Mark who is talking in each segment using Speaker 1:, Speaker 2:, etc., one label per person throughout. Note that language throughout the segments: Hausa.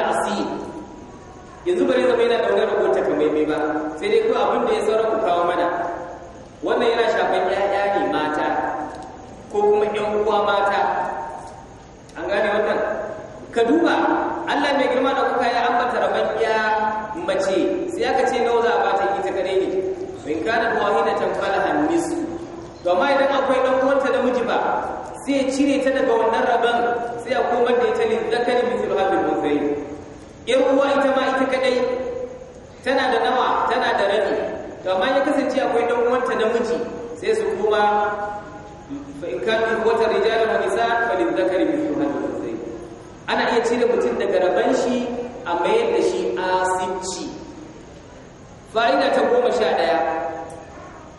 Speaker 1: asiri yanzu bare zama yana daure rabon maimai ba sai dai ko abin da ya saura ku kawo mana wannan yana shafan yaya ne mata ko kuma ƴan uwa mata an gane wannan ka duba Allah mai girma da kuka ya ambata rabon ya mace sai aka ce nawa za a bata ita kadai ne in kana wahidatan falahan nisfu to amma idan akwai dan uwanta miji ba sai ya cire ta daga wannan rabon sai a komar da ita ne zakarin mutum sulhabil musayyib yan ruwa ita ma ita kadai tana da nawa tana da rabi to amma ya kasance akwai dan uwanta namiji sai su koma fa in kan wata rijalan wa nisa falil zakari mithlu hadhihi ana iya cire mutum daga raban shi a mayar da shi asibci fa'ida ta goma sha ɗaya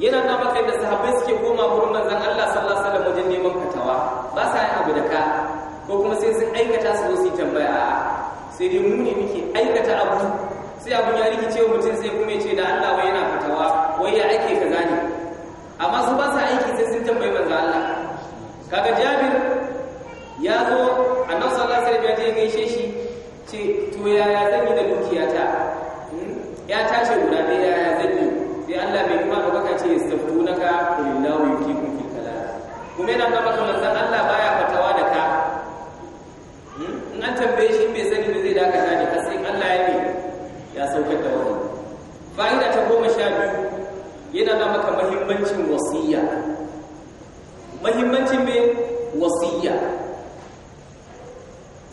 Speaker 1: yana na maka da sahabbai suke koma wurin manzon Allah sallallahu alaihi wasallam wajen neman fatawa ba sa yi abu da ka ko kuma sai sun aikata su su tambaya a'a sai dai mu ne muke aikata abu sai abun ya rikice mutum sai kuma ya ce da Allah wai yana fatawa wai ya ake kaza ne amma su ba sa aiki sai sun tambayi manzo Allah kaga Jabir ya zo annabi sallallahu alaihi wasallam ya je gaishe shi ce to yaya zan yi da dukiyata hmm? ya tace guda da yaya zan yi sai Allah bai kuma baka ce yastafunaka kulillahu yukikum fil kalam kuma yana ga maka manzon Allah baya fatawa da ka an tambaye shi bai sani ne zai dakata ne har sai Allah ya ne ya saukar da wani fa'ida ta goma sha biyu yana na maka mahimmancin wasiya mahimmancin mai wasiya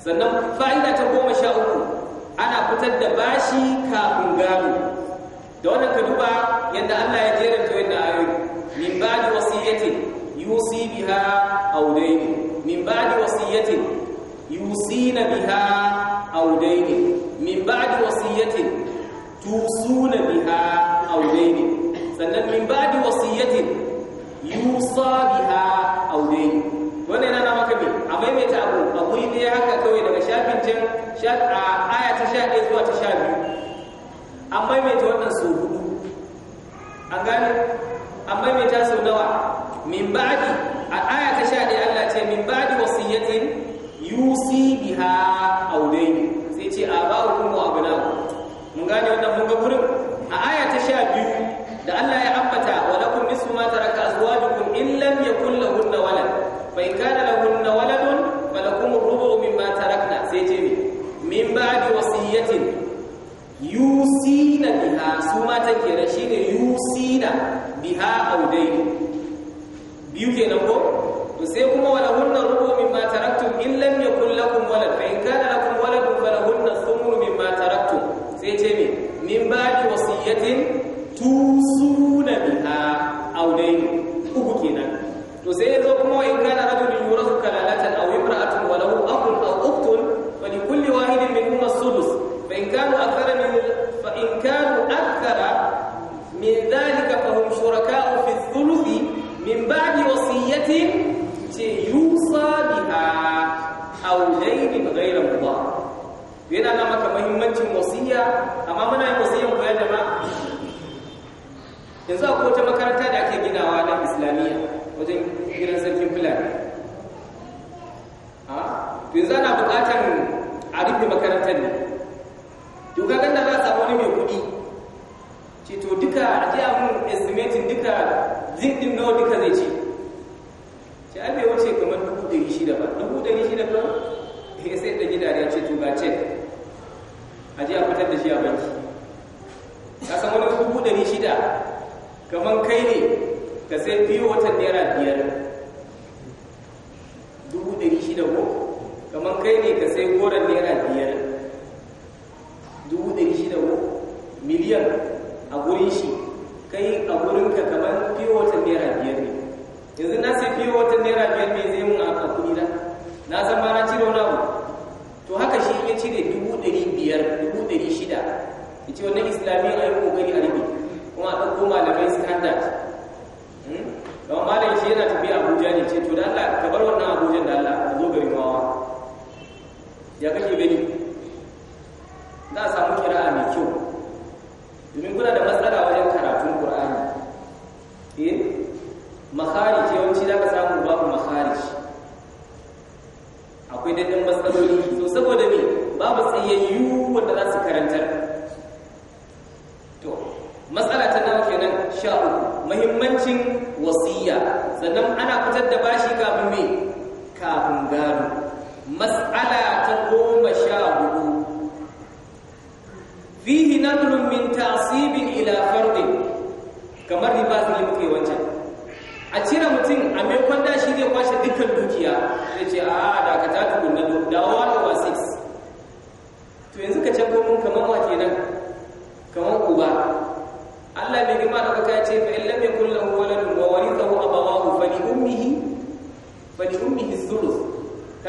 Speaker 1: sannan fa'ida ta goma sha uku ana fitar da bashi kafin gano da wannan ka duba yadda Allah ya ta wannan ayoyi min ba'di wasiyatin yusi biha aw dayn min ba'di wasiyatin yusina biha aw dayni min ba'di wasiyatin tusuna biha aw sannan min ba'di wasiyatin yusa biha aw dayni wannan yana maka me a maimaita abu a guri ne haka kawai daga shafin can aya ta 11 zuwa ta 12 an maimaita wannan su sau nawa min a aya ta Allah ce min ba'di yusi biha aulai sai ce a aba'ukum wa abna'ukum mun gane wannan mun ga gurin a aya ta sha biyu da Allah ya ambata wa lakum nisfu ma taraka azwajukum in lam yakul lahunna walad fa in kana lahunna waladun falakum ar-rubu' mimma tarakna sai ce ne min ba'di wasiyatin na biha su matan kenan shine na biha aulai biyu kenan ko sai kuma wala hunna rubu mimma taraktum in lam yakul lakum walad fa in kana lakum walad falahunna thumnu mimma taraktum sai ce me min ba'di wasiyatin tu yanzu a wata makaranta da ake ginawa na islamiyya wajen gidan sarkin fulani yanzu ana buƙatar a rufe makarantar ne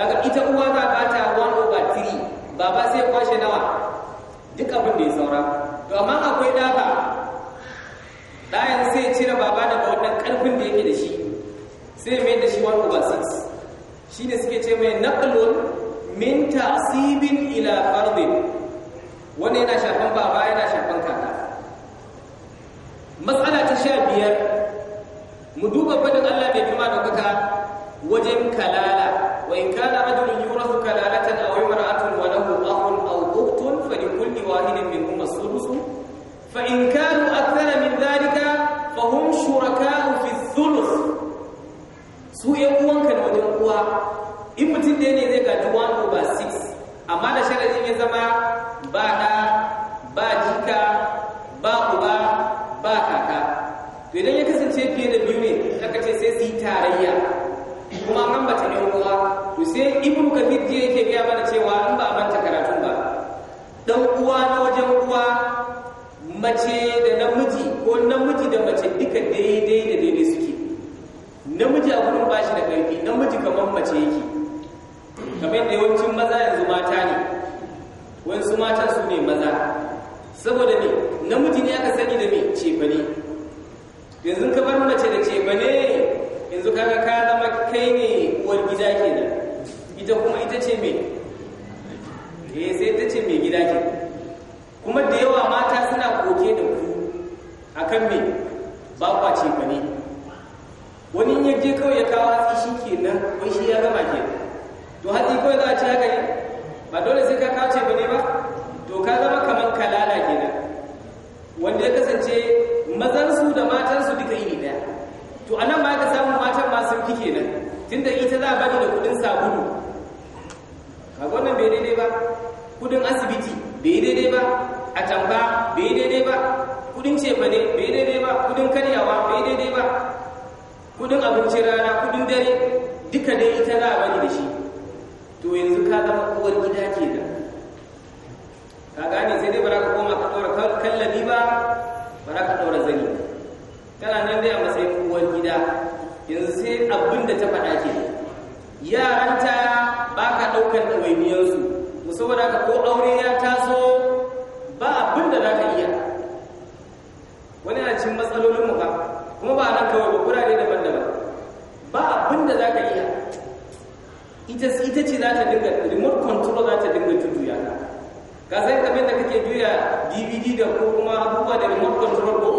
Speaker 1: kaga ita uwa za ba ta 1 over 3 baba sai kwashe nawa duk abin da ya saura to amma akwai da ba sai cire baba daga wannan ƙarfin da yake da shi sai mai da shi 1 over 6 shine suke ce mai naqlun min tasibin ila fardin wani yana shafan baba yana shafan kaka
Speaker 2: matsala ta sha biyar
Speaker 1: mu duba fadin Allah mai kuma daukaka wajen kalala wa in kana rajulun yurathu kalalatan aw imra'atun wa lahu akhun aw ukhtun fa li kulli wahidin minhum as-sudus fa in kanu akthara min dhalika fa hum shuraka'u fi thuluth su yan uwanka da wajen uwa in mutum ɗaya ne zai gaji 1 over 6 amma da sharadin ya zama ba da ba jika ba uba ba kaka to idan ya kasance fiye da biyu ne aka ce sai su yi tarayya kuma an ambata ne uwa to sai ibnu kafir je yake gaya mana cewa an ba manta karatun ba dan uwa na wajen uwa mace da namiji ko namiji da mace duka daidai da daidai suke namiji a gurin bashi da karfi namiji kamar mace yake kamar da yawancin maza yanzu mata ne wasu mata su ne maza saboda ne namiji ne aka sani da me cefane yanzu ka bar mace da cefane yanzu kaga ka zama kai ne uwar gida nan ita kuma ita ce mai eh sai ita ce mai gida ke. kuma da yawa mata suna koke da ku akan me ba kwa ce ba ne wani ya je kawai ya kawo hatsi shi nan wai shi ya gama kenan to hatsi kawai za a ci haka ne ba dole sai ka kawo ce ba ne ba to ka zama kamar kalala kenan wanda ya kasance su da matan tunda ita za a bani da kudin sabulu a wannan bai daidai ba kudin asibiti bai daidai ba a tamba bai daidai ba kudin cefane bai daidai ba kudin karyawa bai daidai ba kudin abincin rana kudin dare duka dai ita za a bani da shi to yanzu ka zama uwar gida ke da ka gane sai dai ba ka koma ka ɗora kallabi ba ba ka ɗora zani tana nan dai a matsayin uwar gida yanzu sai abin da ta faɗa ke yaranta ba ka ɗaukar ɗawainiyarsu to saboda ka ko aure ya taso ba abin da za ka iya wani na cin matsalolin mu ba kuma ba nan kawai ba kurare daban-daban ba abin da za ka iya ita ita ce za ta dinga remote control za ta dinga jujjuya ka ka san kamar da kake juya DVD da ko kuma abubuwa da remote control ko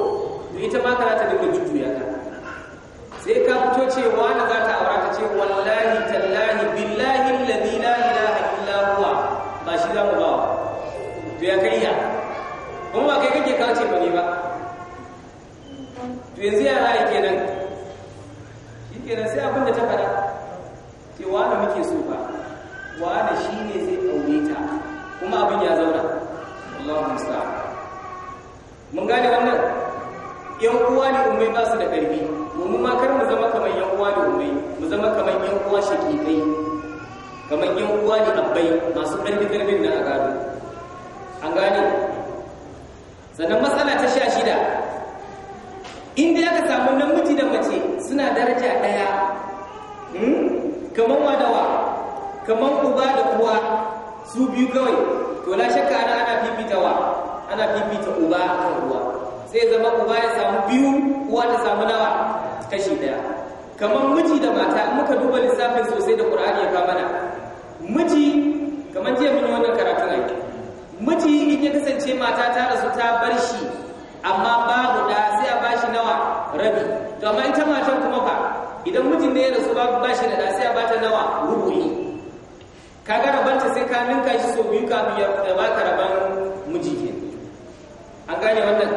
Speaker 1: to ita ma ka za ta dinga jujjuya ka sai ka fito ce wani za ta aura ta ce wallahi tallahi billahi alladhi la ilaha illa huwa ba shi za mu ba to ya kai ya kuma ba kai kake kawo ce ba ne ba to yanzu ya ra'ayi kenan shi kenan sai abin da ta faɗa cewa wani muke so ba wani shi ne zai aure ta kuma abin ya zauna Allahu musta'an mun gane wannan yan uwa ne umai ba su da karfi mu ma kar mu zama kamar yan uwa da umai mu zama kamar yan uwa shakikai kamar yan uwa da abbai masu ƙarfi ƙarfin na a gado an gane sannan matsala ta sha shida inda aka samu namiji da mace suna daraja ɗaya hmm? kamar wadawa kamar uba da uwa su biyu kawai to la shakka ana ana wa ana fifita uba kan uwa sai zama uba ya samu biyu uwa ta samu nawa kashi daya kamar miji da mata in muka duba lissafin sosai da qur'ani ya na miji kamar jiya mun wannan karatu ne miji in ya kasance mata ta rasu ta bar shi amma babu da sai a bashi nawa rabi to amma ita matan kuma fa idan mijin ne ya rasu babu bashi da sai a bata nawa rubu'i kaga ta sai ka ninka shi so biyu kafin ya baka raban miji ke an gane wannan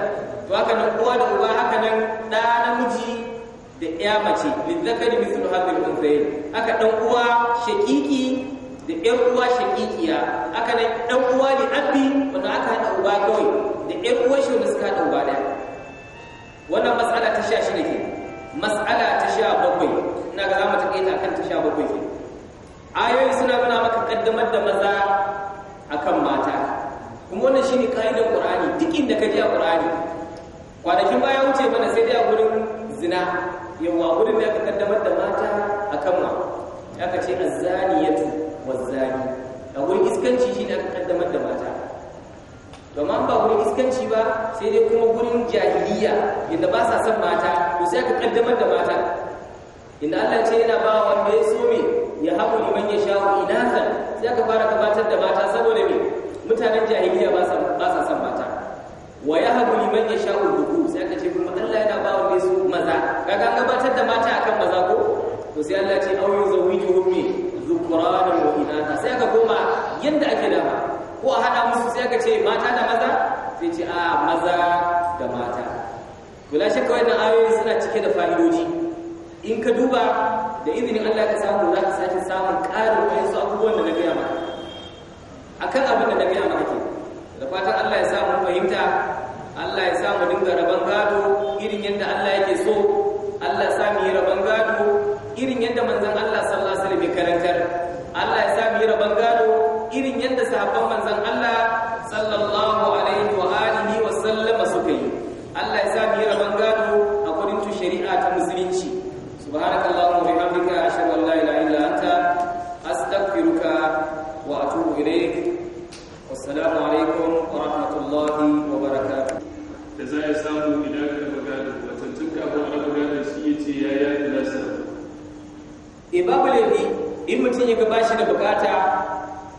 Speaker 1: to haka nan uwa da uba haka nan da namiji da ya mace min zakari mislu hadhil unthayn aka dan uwa shaqiqi da ƴan uwa shaqiqiya aka nan dan uwa li abi wanda aka hada uba kawai da ƴan uwa shi wanda suka hada uba daya wannan mas'ala ta sha ne ke mas'ala ta sha bakwai ina ga za mu takaita kan ta sha bakwai ke ayoyi suna nuna maka kaddamar da maza akan mata kuma wannan shine kaidar Qur'ani duk inda ka je a Qur'ani kwanakin baya wuce mana sai dai a gurin zina yawa wurin da aka kaddamar da mata a kan ma ka ce wa zani a wurin iskanci shi da aka kaddamar da mata to amma ba wurin iskanci ba sai dai kuma wurin jahiliya inda ba sa son mata to sai aka kaddamar da mata inda Allah ce yana ba wanda ya so me ya haƙu liman ya sha'u kan sai aka fara gabatar da mata saboda me mutanen jahiliya ba sa son mata wa ya habu liman ya sha'ul duku sai aka ce kuma Allah yana ba wanda su maza kaga gabatar da mata akan maza ko to sai Allah ce au yuzawijuhum min dhukranan wa inatha sai aka koma yanda ake dama ko a hada musu sai aka ce mata da maza sai ce a maza da mata to la shakka wannan ayoyi suna cike da fa'idoji in ka duba da izinin Allah ka samu za ka sake samun ƙarin su abubuwan da na gaya maka akan abin da na gaya maka ke da fatan Allah ya samu fahimta Allah ya sa mu dinga rabon gado irin yadda Allah yake so ya ba shi da bukata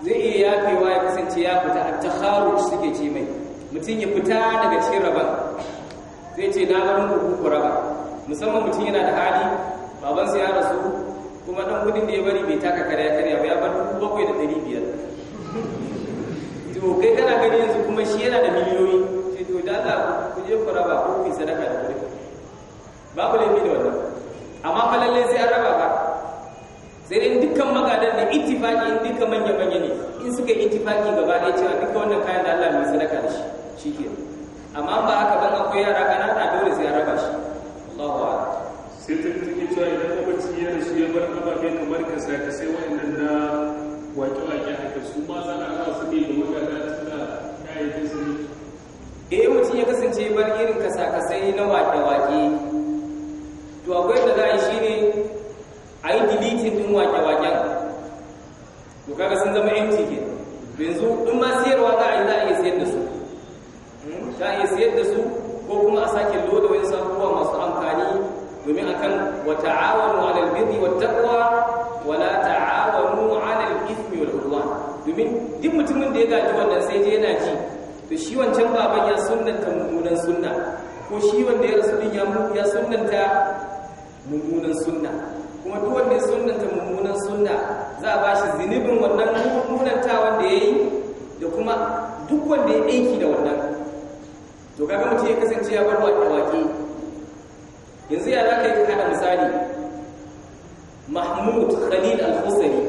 Speaker 1: zai iya yafewa ya kasance ya fita a su suke ce mai mutum ya fita daga cikin rabar zai ce na barin ku ku raba musamman mutum yana da hali babansa ya rasu kuma dan gudun da ya bari bai taka karya karya ba ya bar dubu bakwai da ɗari biyar to kai kana gani yanzu kuma shi yana da miliyoyi sai to da za ku je ku raba ku yi sadaka da kuɗi babu laifi da wannan amma fa lalle sai an raba ba sai dai dukkan magadan da ittifaki in duka manya manya ne in suka yi ittifaki gaba ɗaya cewa duka wannan kayan da Allah mai sadaka da shi shike amma ba haka ban akwai yara kanana dole sai ya raba shi Allahu akbar sai ta take cewa idan mabaci ya rasu ya bar ababe kamar ka ka sai wa'annan da wato ake haka su ma za a raba su ne da magada da kayayyakin su eh mutum ya kasance bar irin kasa-kasai na wake-wake to akwai da za a yi shine a yi deleting ɗin wake-waken to kaga sun zama empty ke yanzu in ma siyarwa za a yi za a iya siyar da su hmm? za a iya siyar da su ko kuma a sake loda wani sabuwa masu amfani domin a kan wa ta'awanu 'alal birri wat taqwa
Speaker 2: wa la ta'awanu
Speaker 1: 'alal ithmi wal 'udwan domin duk mutumin da ya gaji wannan sai je yana ji to shi wancan baban ya sunanta mummunan sunna ko shi wanda ya rasu din ya sunanta mummunan sunna kuma duk wanda ya sunanta mummunan sunna za a bashi zinibin wannan ta wanda ya yi da kuma duk wanda ya aiki da wannan to kaga mutum ya kasance ya bar waƙe-waƙe yanzu ya za ka yi kada misali mahmud khalil al-husari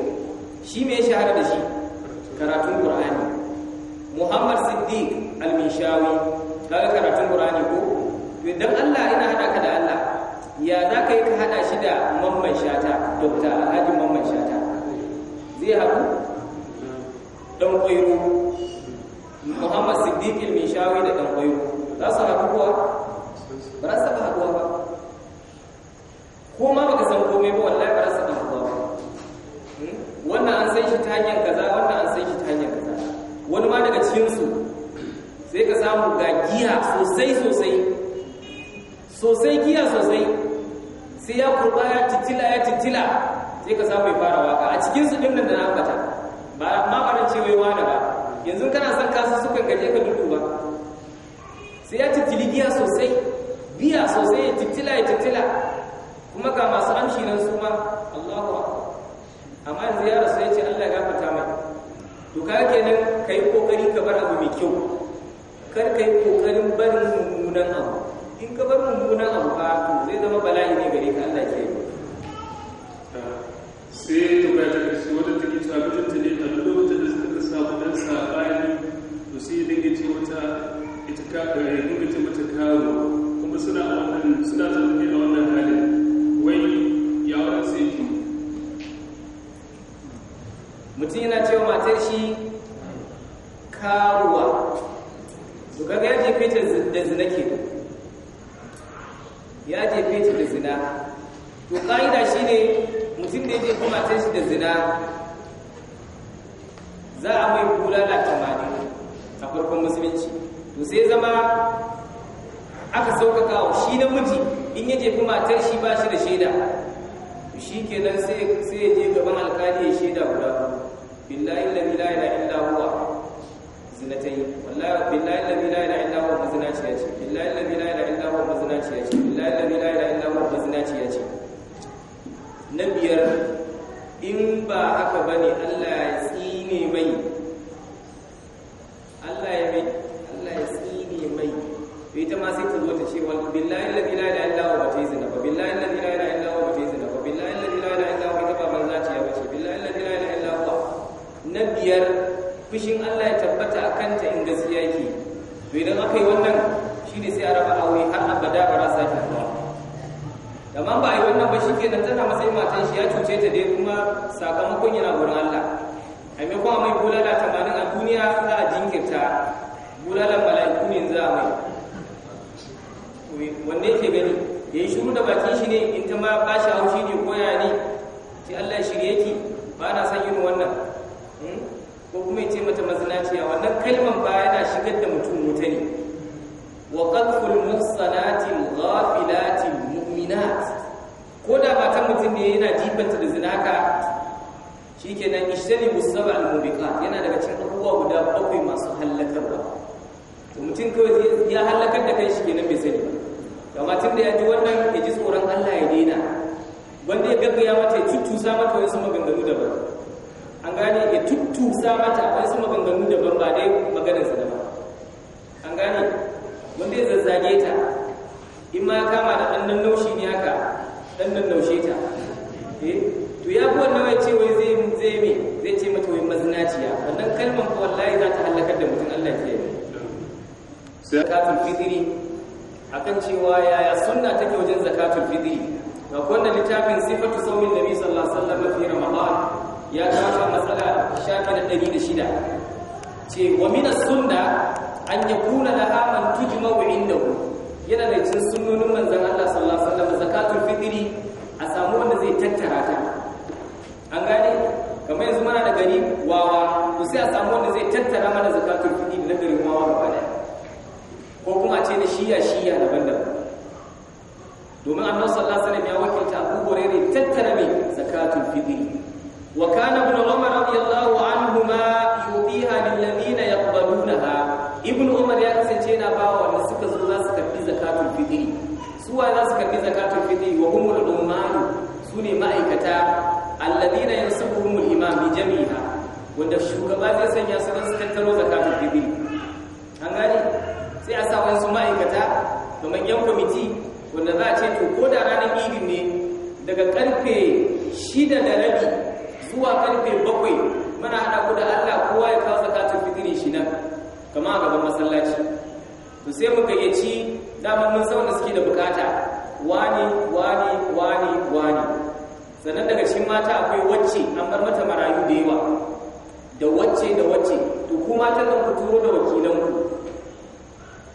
Speaker 1: shi mai shahara da shi karatun qur'ani muhammad siddiq al-mishawi kaga karatun qur'ani ko to idan Allah ina hada ka da Allah ya za ka yi ka haɗa shi da mamman shata dokta alhaji mamman shata zai haɗu ɗan ƙwairo muhammad siddiq ilmi shawi da ɗan ƙwairo za su haɗu kuwa ba za su taɓa haɗuwa ba ko ma ka san komai ba wallahi ba za su taɓa haɗuwa ba hmm? wannan an san shi ta hanyar kaza wannan an san shi ta hanyar kaza wani ma daga cikinsu sai ka samu ga giya sosai sosai sosai giya sosai sai ya kurba ya titila ya titila sai ka samu fara waka a cikin su din nan da na ambata ba amma ba cewa ya wani ba yanzu kana san kasu suka gaje ka ba sai ya titili giya sosai biya sosai ya titila ya titila kuma ga masu amshi nan su ma Allahu akbar amma yanzu ya rasu ya ce Allah ya gafarta mai to ka yi kai kokari ka bar abu mai kyau kar kai kokarin barin mummunan abu in ka bar mummunan abu zai zama bala'i ne gare ka Allah ke sai to ga ta wata mutum ne yana jifanta da zinaka shi ke nan ishtani musamman al-mubika yana daga cikin abubuwa guda bakwai masu hallakarwa mutum kawai ya hallakar da kai shi ke nan bai sani ba kama da ya ji wannan ya ji tsoron allah ya daina wanda ya gaggaya mata ya tuttusa mata su maganganu daban an gane ya tuttusa mata su maganganu daban ba dai maganarsa daban an gane wanda ya zazzage ta in ma kama da ɗan nan naushi ne haka ɗan nan naushe ta Eh, to ya fi wannan wai cewa wai zai zai zai ce mata wai mazinaciya wannan kalmar fa wallahi za ta halakar da mutum Allah ya yi zakatul fitri akan cewa yaya sunna take wajen zakatul fitri ga wannan littafin sifatu saumin nabi sallallahu alaihi wasallam fi ramadan ya kafa matsala shafi na 106 ce wa min as-sunna an yakuna laha man tujma'u indahu yana da cikin sunnonin manzon Allah sallallahu alaihi wasallam zakatul fitri samu wanda zai tattara ta an gane kamar yanzu mana da gari wawa ku sai a samu wanda zai tattara mana zakatul fitri na garin wawa gaba daya ko kuma a ce na shiya shiya daban-daban domin annabi sallallahu alaihi wasallam ya wakilta Abu Hurairah tattara mai zakatul fitri wa kana ibn Umar radiyallahu anhuma yubiha lil ladina yaqbalunaha ibn Umar ya suwa za su karbi zakatun fitri wa humul su ne ma'aikata alladina yansubuhumul imam bi jami'a wanda shugaba zai sanya su dan su tattaro zakatun fitri an gani sai a sa wasu ma'aikata da yan kwamiti wanda za a ce to ko da ranar idin ne daga karfe shida da rabi zuwa karfe bakwai muna hada ku da Allah kowa ya kawo zakatun fitri shi nan kama a gaban masallaci to sai mu gayyaci dama mun san wanda suke da bukata wani wani wani wani sannan daga cikin mata akwai wacce an bar mata marayu da yawa da wacce da wacce to ku mata nan ku turo da wakilan ku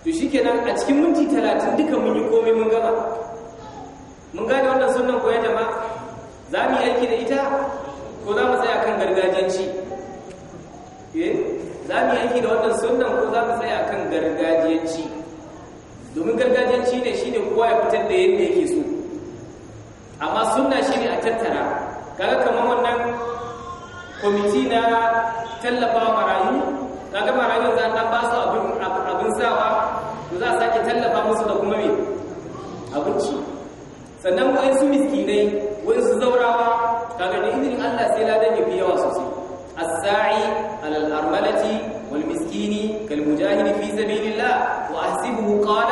Speaker 1: to shikenan a cikin minti 30 duka mun yi komai mun gama mun gane wannan sunan ko ya jama'a za mu yi aiki da ita ko za mu tsaya kan gargajiyanci eh za mu yi aiki da wannan sunan ko za mu tsaya kan gargajiyanci domin gargajiyanci ne shine kowa ya fitar da yadda yake so amma sunna shine a tattara kaga kamar wannan kwamiti na tallafa marayu kaga marayu za a ba su abin sawa to za a sake tallafa musu da kuma me abinci sannan wa'in su miskinai wa'in su zaurawa kaga da izinin Allah sai ladan ya fi yawa sosai as-sa'i alal armalati wal miskini kal mujahidi fi sabilillah واحسبه قال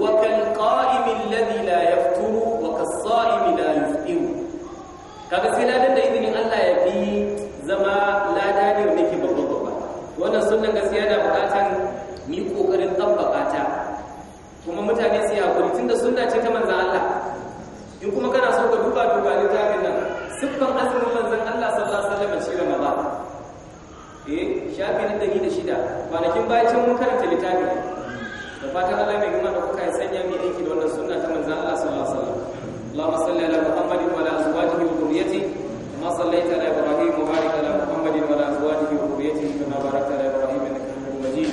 Speaker 1: وكالقائم الذي لا يفطر وكالصائم لا يفطر kaga sai ladan da izinin Allah ya fi zama lada ne wanda ke babban babba wannan sunan gaskiya da bukatan ni kokarin tabbaka ta kuma mutane su hakuri tunda sunna ce ta manzon Allah in kuma kana so ka duba duba littafin nan siffan azumin manzon Allah sallallahu alaihi wasallam shi Ramadan eh shafi na 106 kwanakin bayan mun karanta littafin da fatan Allah mai girma da kuka sanya mu aiki da wannan sunna ta manzon Allah sallallahu alaihi wasallam Allahumma salli ala Muhammadin wa ala azwajihi wa dhurriyyatihi kama sallaita ala Ibrahim wa barik ala Muhammadin wa ala azwajihi wa dhurriyyatihi kama barakta ala Ibrahim innaka Hamidum Majid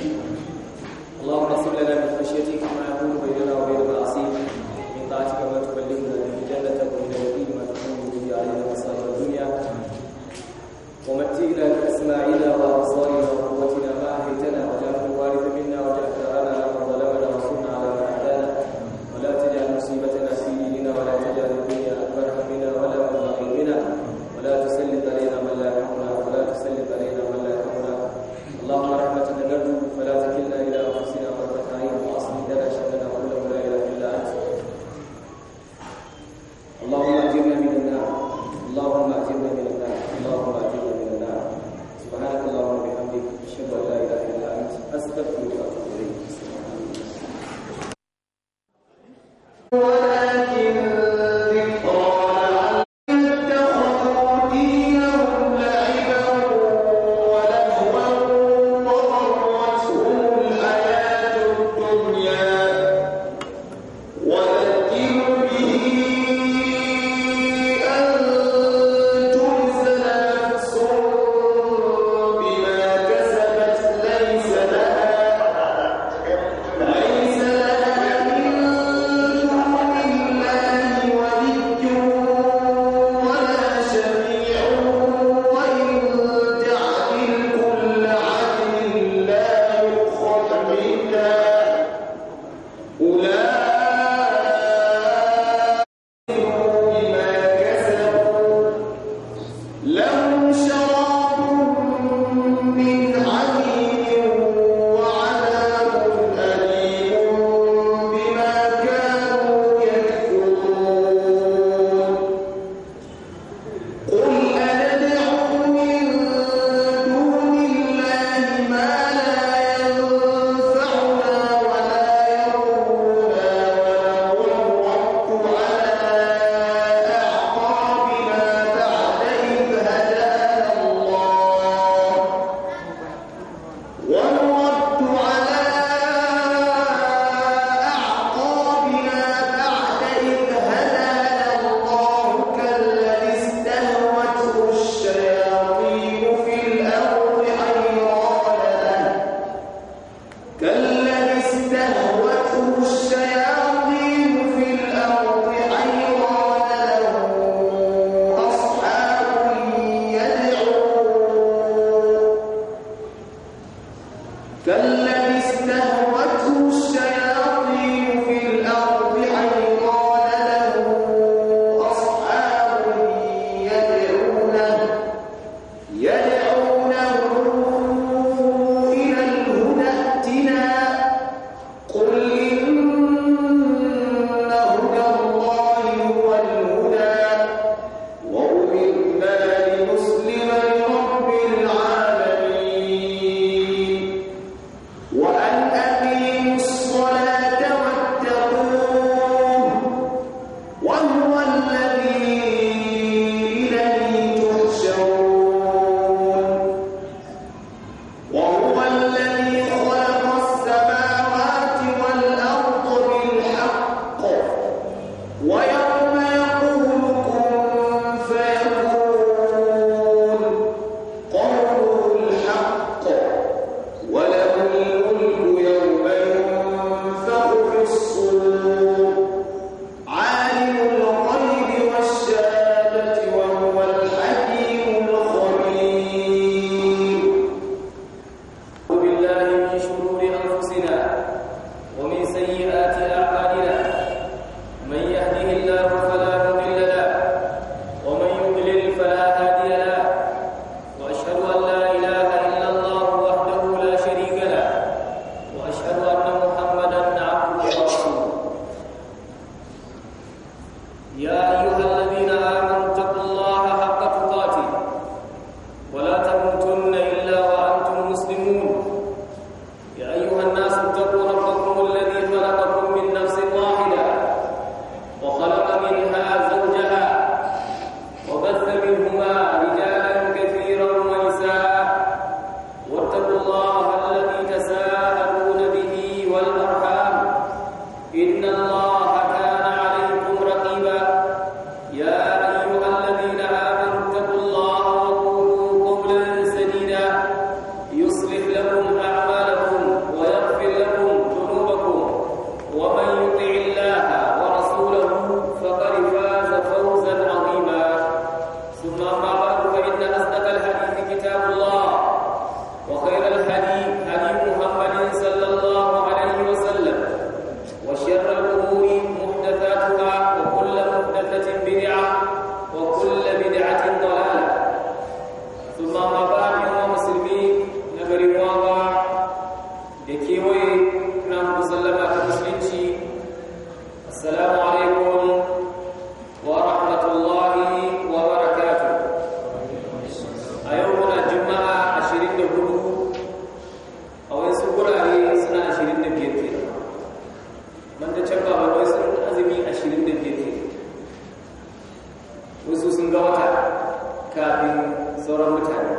Speaker 1: sauran mutane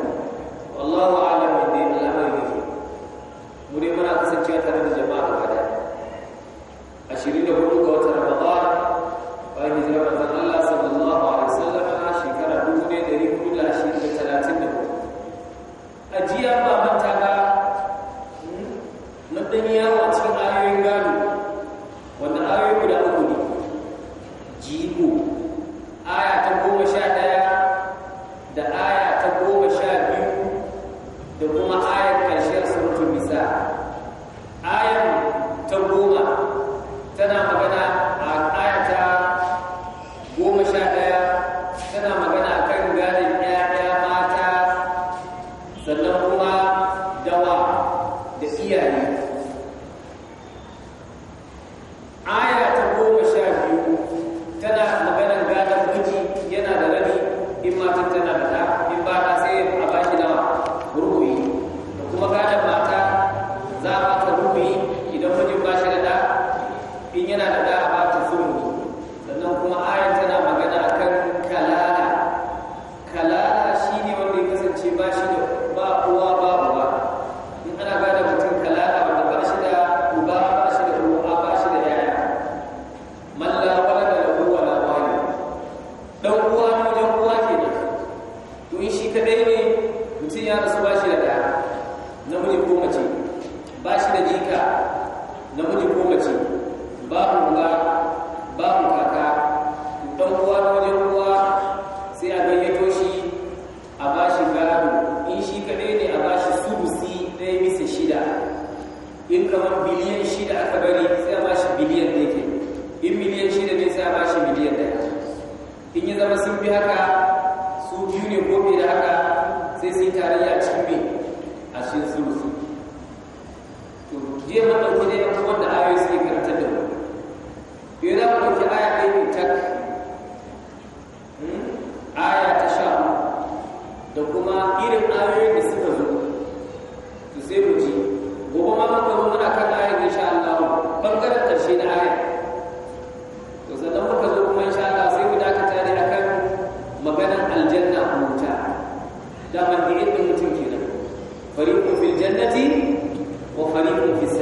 Speaker 1: wallahu a'lam bi al'amari mu dai muna kasancewa tare da in kamar biliyan shida aka bari sai a bashi biliyan da yake in miliyan shida ne sai a bashi miliyan daya in ya zama sun fi haka su biyu ne ko fiye da haka sai sun tarayya a cikin me a cikin sulusu to je mun dauki ne abubuwan da ayoyi suke karantar da mu to yana mu dauki aya ɗaya ne tak hmm? aya ta sha da kuma irin ayoyin da suka zo to sai mu ji gobe ma muka zo muna kan ayar insha Allah bangaren karshe na ayar to sannan muka zo kuma insha Allah sai mu dakata ne akan maganar aljanna ko wuta da man irin mutum kenan fariqun fil jannati wa fariqun fis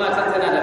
Speaker 1: más tana nada.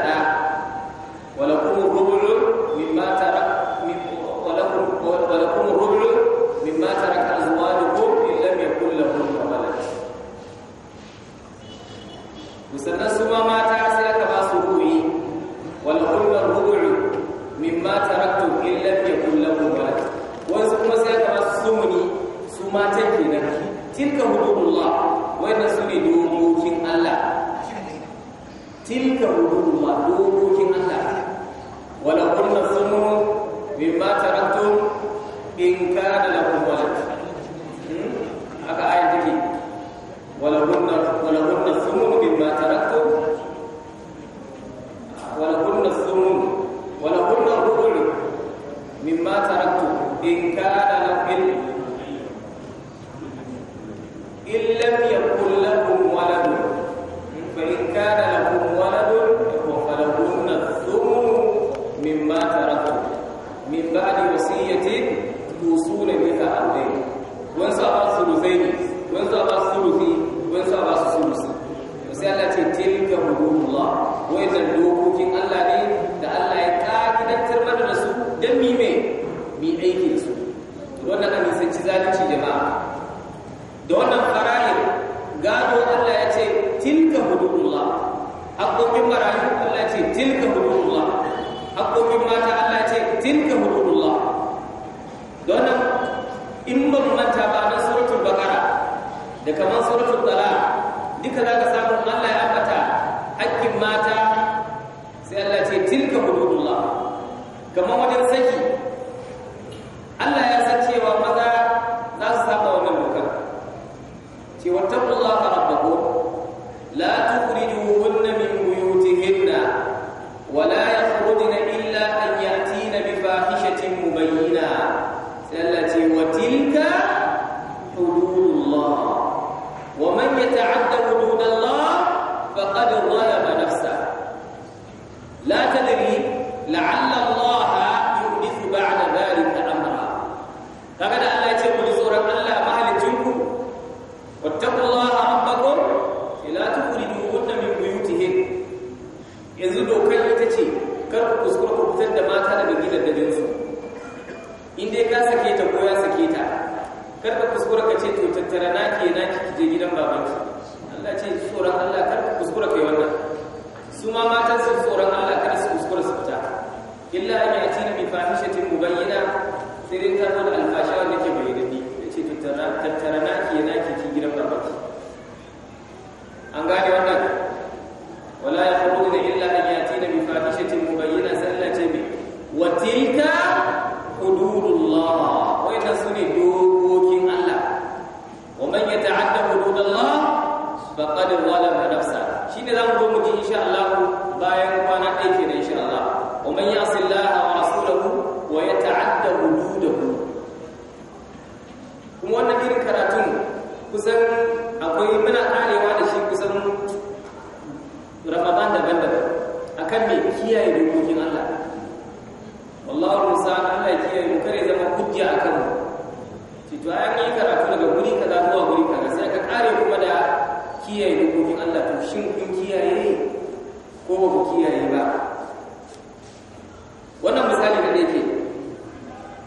Speaker 1: ke wata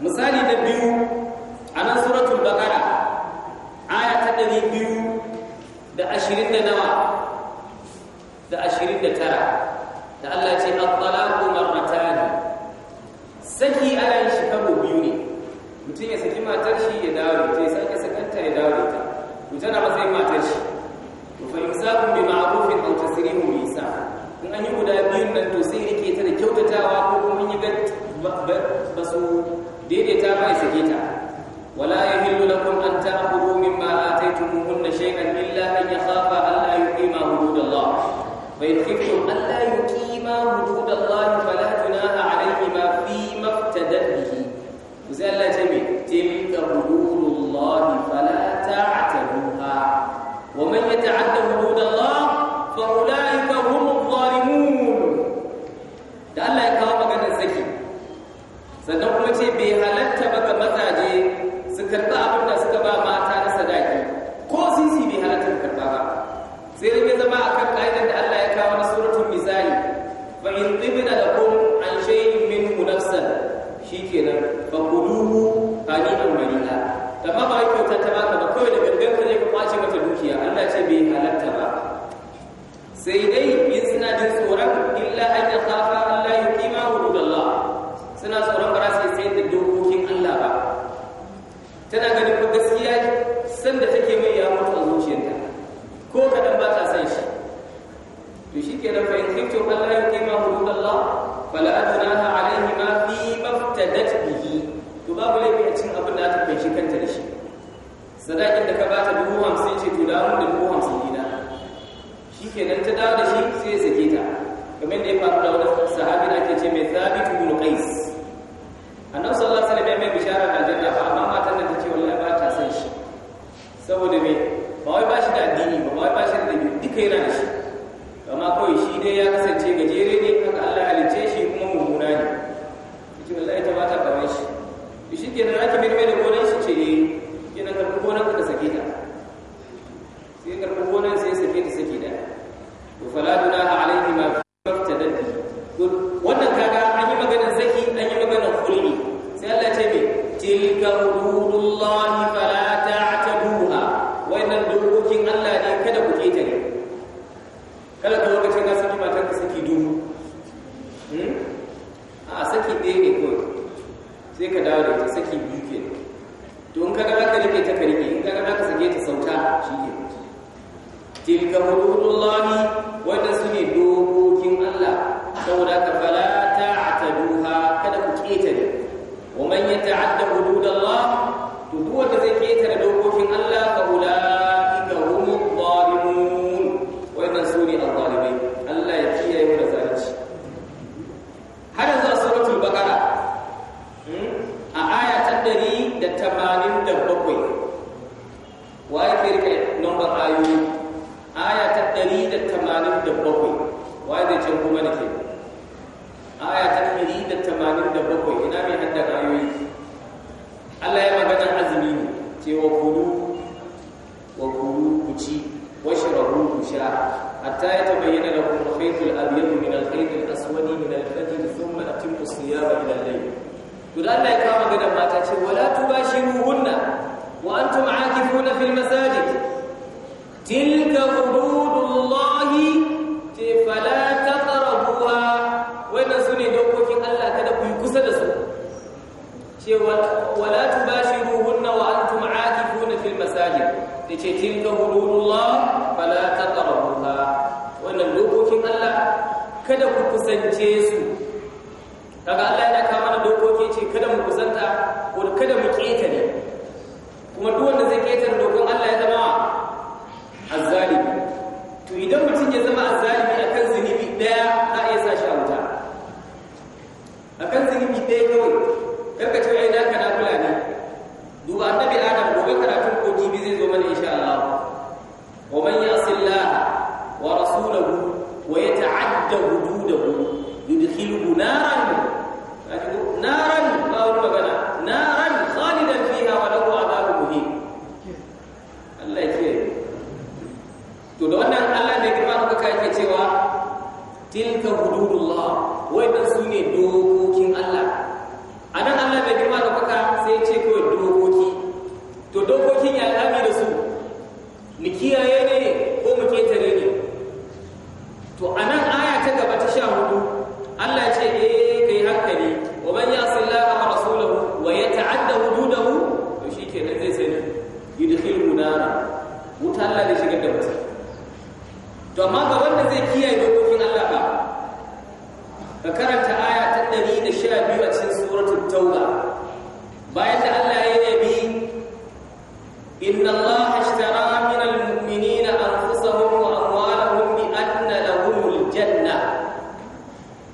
Speaker 1: misali da biyu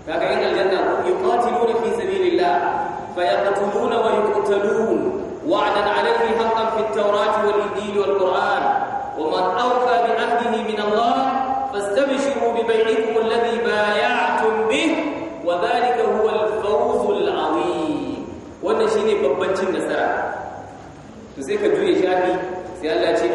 Speaker 1: Ka kaga yan aljanna yuqatiluna fi sabilillah fayaqtuluna wa yuqtalun wa'dan alayhi haqqan fit tawrati wal injil wal qur'an wa man awfa bi ahdihi min Allah fastabshiru bi ba alladhi bay'atum bih wa dhalika huwa al fawz al azim wannan shine babban cin nasara to sai ka juye shafi sai Allah ce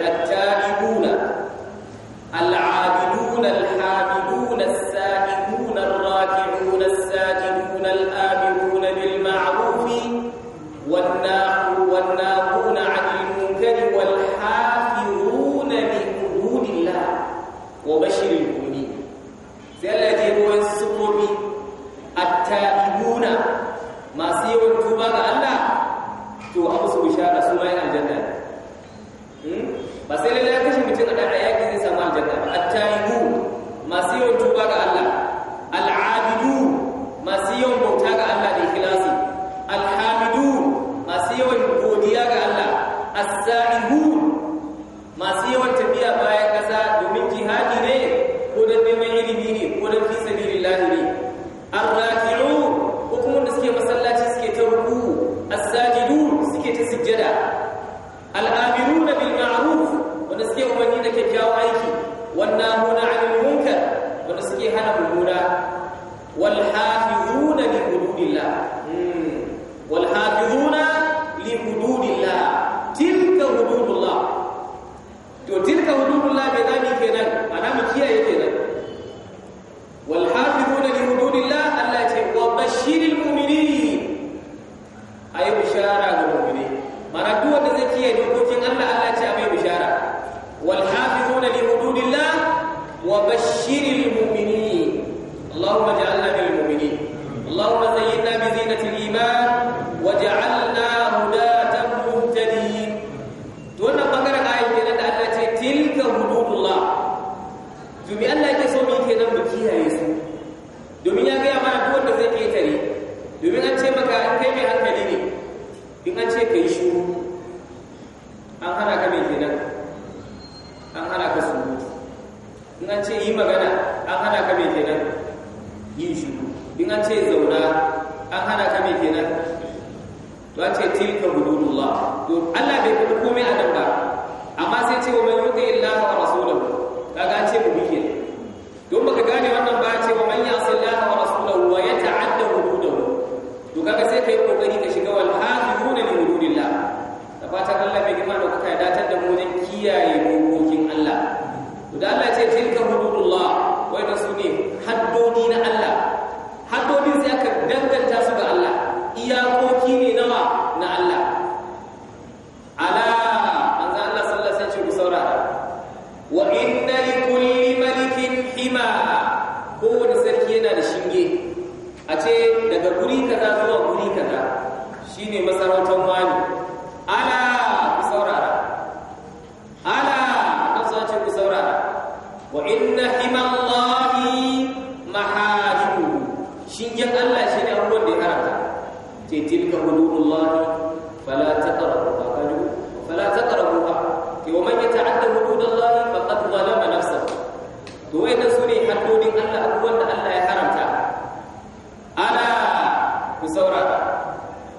Speaker 1: ku saurara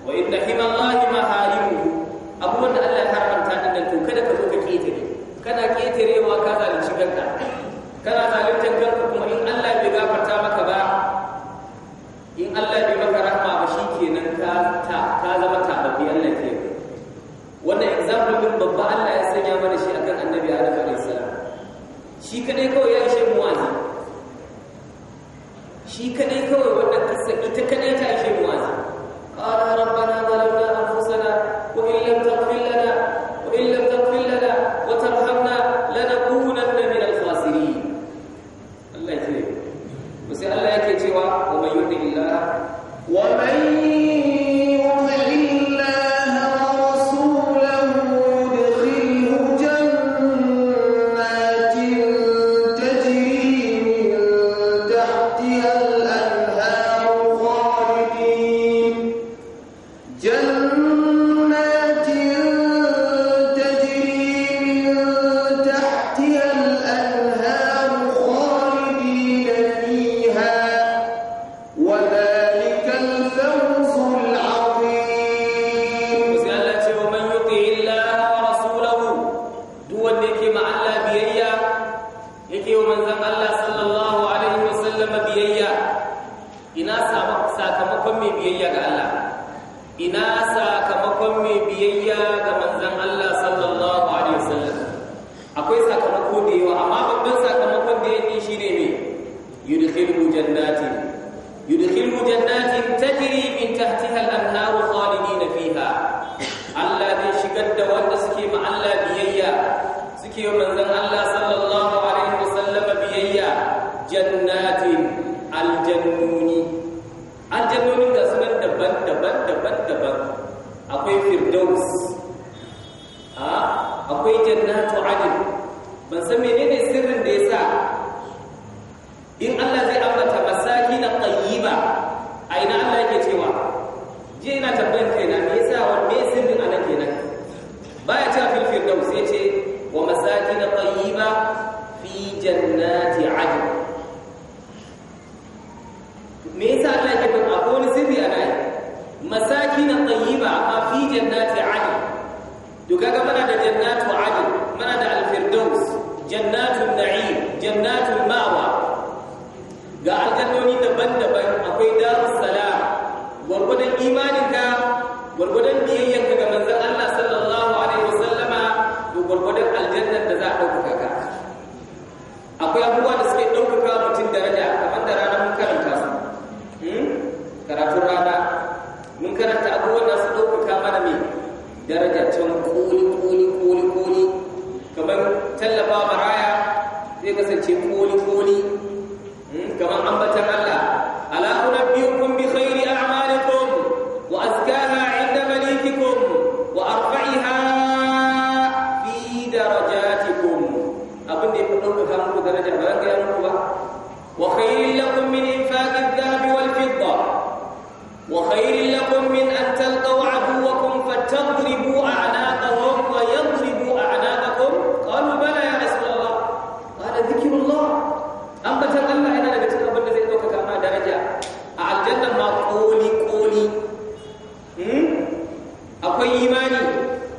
Speaker 1: wa inna himallahi maharimu abubuwan da Allah ya haramta din nan to kada ka zo ka ketare kana ketarewa ka zalunci kanka kana zaluntar kanka kuma in Allah bai gafarta maka ba in Allah bai maka rahma ba shikenan ka ta ka zama tababbi Allah ke wannan example din babba Allah ya sanya mana shi akan Annabi Adam alayhi salam shi kadai kawai ya ishe mu shi kadai kawai wannan kasa ita kadai ta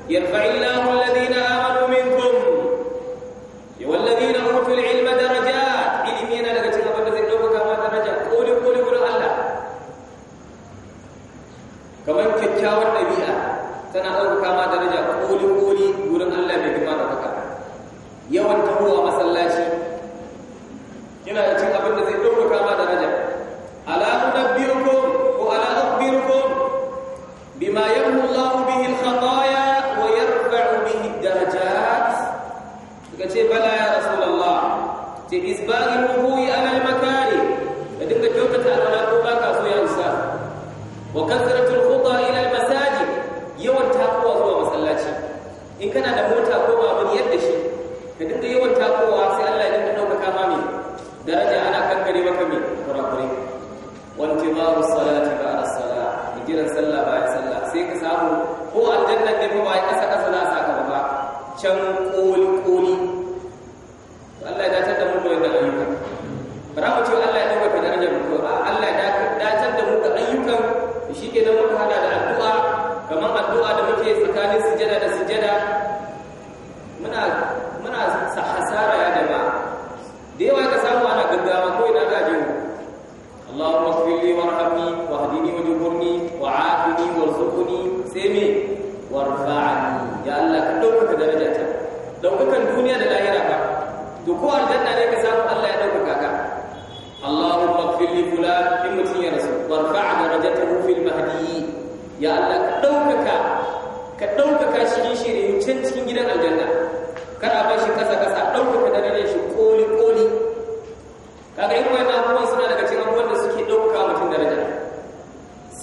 Speaker 1: يرفع الله الذين آمنوا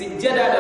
Speaker 1: sujjada